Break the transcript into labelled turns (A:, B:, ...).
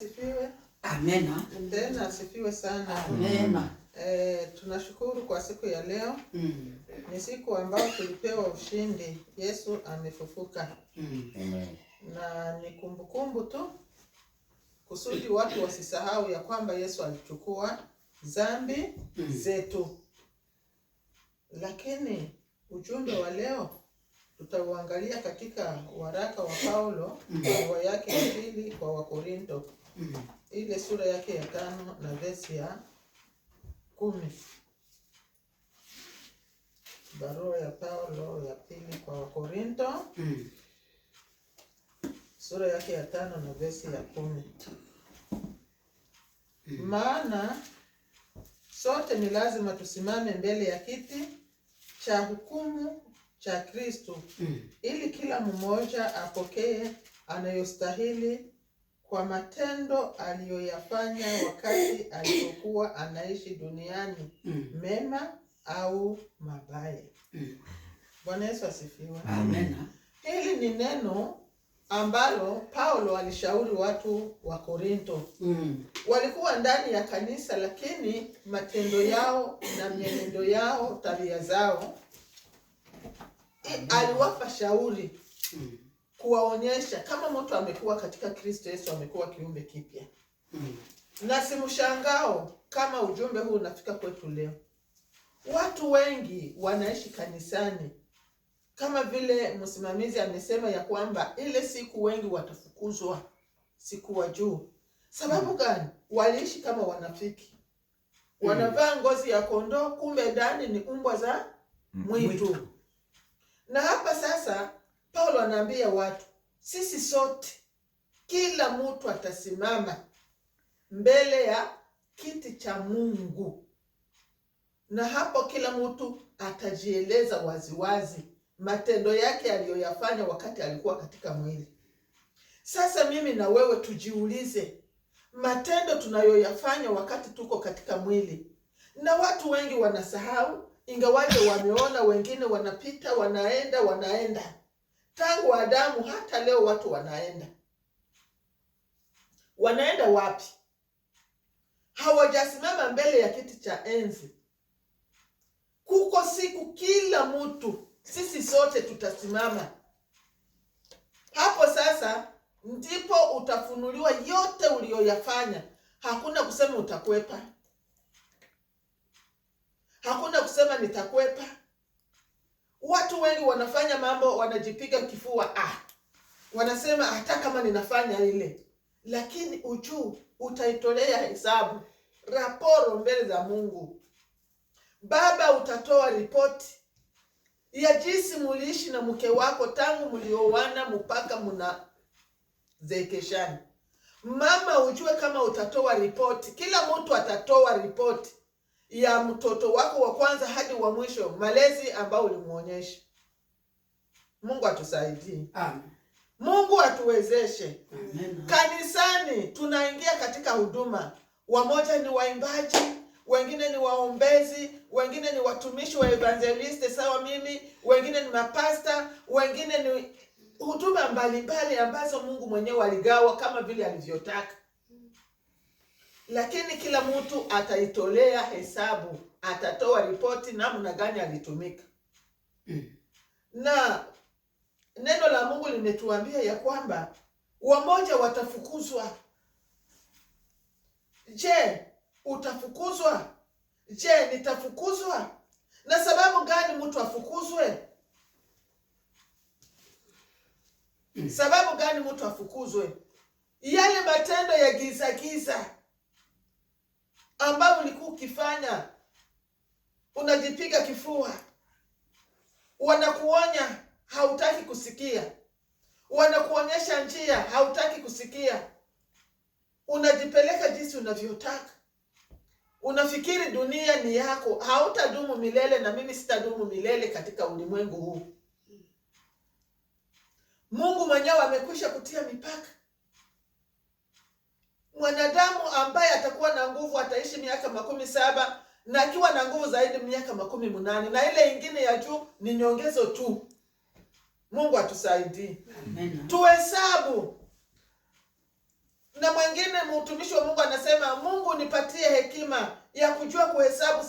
A: Asifiwe. Amena.
B: Tena asifiwe sana. Amena. E, eh, tunashukuru kwa siku ya leo mm. Ni siku ambayo tulipewa ushindi. Yesu amefufuka mm. Na ni kumbukumbu tu kusudi watu wasisahau ya kwamba Yesu alichukua dhambi mm. zetu, lakini ujumbe wa leo tutauangalia katika waraka wa Paulo barua mm. yake ya pili kwa Wakorinto ile sura yake ya tano na vesi ya kumi. Barua ya Paulo ya pili kwa Wakorinto mm. sura yake ya tano na vesi ya kumi mm. maana sote ni lazima tusimame mbele ya kiti cha hukumu cha Kristo mm. ili kila mmoja apokee anayostahili kwa matendo aliyoyafanya wakati alipokuwa anaishi duniani mm. mema au mabaya. Mm. Bwana Yesu asifiwe. Amen. Hili ni neno ambalo Paulo alishauri watu wa Korinto. Mm. Walikuwa ndani ya kanisa, lakini matendo yao na mienendo yao, tabia zao, aliwapa shauri. Mm kuwaonyesha kama mtu amekuwa katika Kristo Yesu amekuwa kiumbe kipya mm. Na si mshangao kama ujumbe huu unafika kwetu leo. Watu wengi wanaishi kanisani kama vile msimamizi amesema ya kwamba ile siku wengi watafukuzwa siku wa juu. Sababu hmm. gani? Waliishi kama wanafiki mm. Wanavaa ngozi ya kondoo, kumbe ndani ni umbwa za hmm. mwitu, mwitu. Na hapa wanaambia watu, sisi sote, kila mtu atasimama mbele ya kiti cha Mungu, na hapo kila mtu atajieleza waziwazi matendo yake aliyoyafanya wakati alikuwa katika mwili. Sasa mimi na wewe tujiulize, matendo tunayoyafanya wakati tuko katika mwili, na watu wengi wanasahau, ingawaje wameona, wengine wanapita, wanaenda wanaenda tangu Adamu hata leo watu wanaenda wanaenda wapi? Hawajasimama mbele ya kiti cha enzi. Kuko siku kila mtu, sisi sote tutasimama hapo. Sasa ndipo utafunuliwa yote uliyoyafanya. Hakuna kusema utakwepa, hakuna kusema nitakwepa Watu wengi wanafanya mambo, wanajipiga kifua, ah, wanasema hata kama ninafanya ile, lakini ujuu utaitolea hesabu raporo mbele za Mungu Baba. Utatoa ripoti ya jinsi muliishi na mke wako tangu mlioana mpaka mnazekeshani. Mama, ujue kama utatoa ripoti, kila mtu atatoa ripoti ya mtoto wako wa kwanza hadi wa mwisho, malezi ambayo ulimwonyesha. Mungu atusaidie. Amen. Mungu atuwezeshe. Amen. Kanisani tunaingia katika huduma, wamoja ni waimbaji, wengine ni waombezi, wengine ni watumishi wa evangeliste sawa mimi, wengine ni mapasta, wengine ni huduma mbalimbali ambazo Mungu mwenyewe aligawa kama vile alivyotaka lakini kila mtu ataitolea hesabu, atatoa ripoti namna gani alitumika. Na neno la Mungu limetuambia ya kwamba wamoja watafukuzwa. Je, utafukuzwa? Je, nitafukuzwa? Na sababu gani mtu afukuzwe? Sababu gani mtu afukuzwe? Yale matendo ya giza giza ambayo ulikuwa ukifanya, unajipiga kifua, wanakuonya hautaki kusikia, wanakuonyesha njia hautaki kusikia, unajipeleka jinsi unavyotaka, unafikiri dunia ni yako, hautadumu milele, na mimi sitadumu milele katika ulimwengu huu. Mungu mwenyewe amekwisha kutia mipaka mwanadamu ambaye atakuwa na nguvu ataishi miaka makumi saba na akiwa na nguvu zaidi miaka makumi mnane na ile ingine ya juu ni nyongezo tu. Mungu atusaidie, tuhesabu. Na mwingine mtumishi wa Mungu anasema, Mungu nipatie hekima ya kujua kuhesabu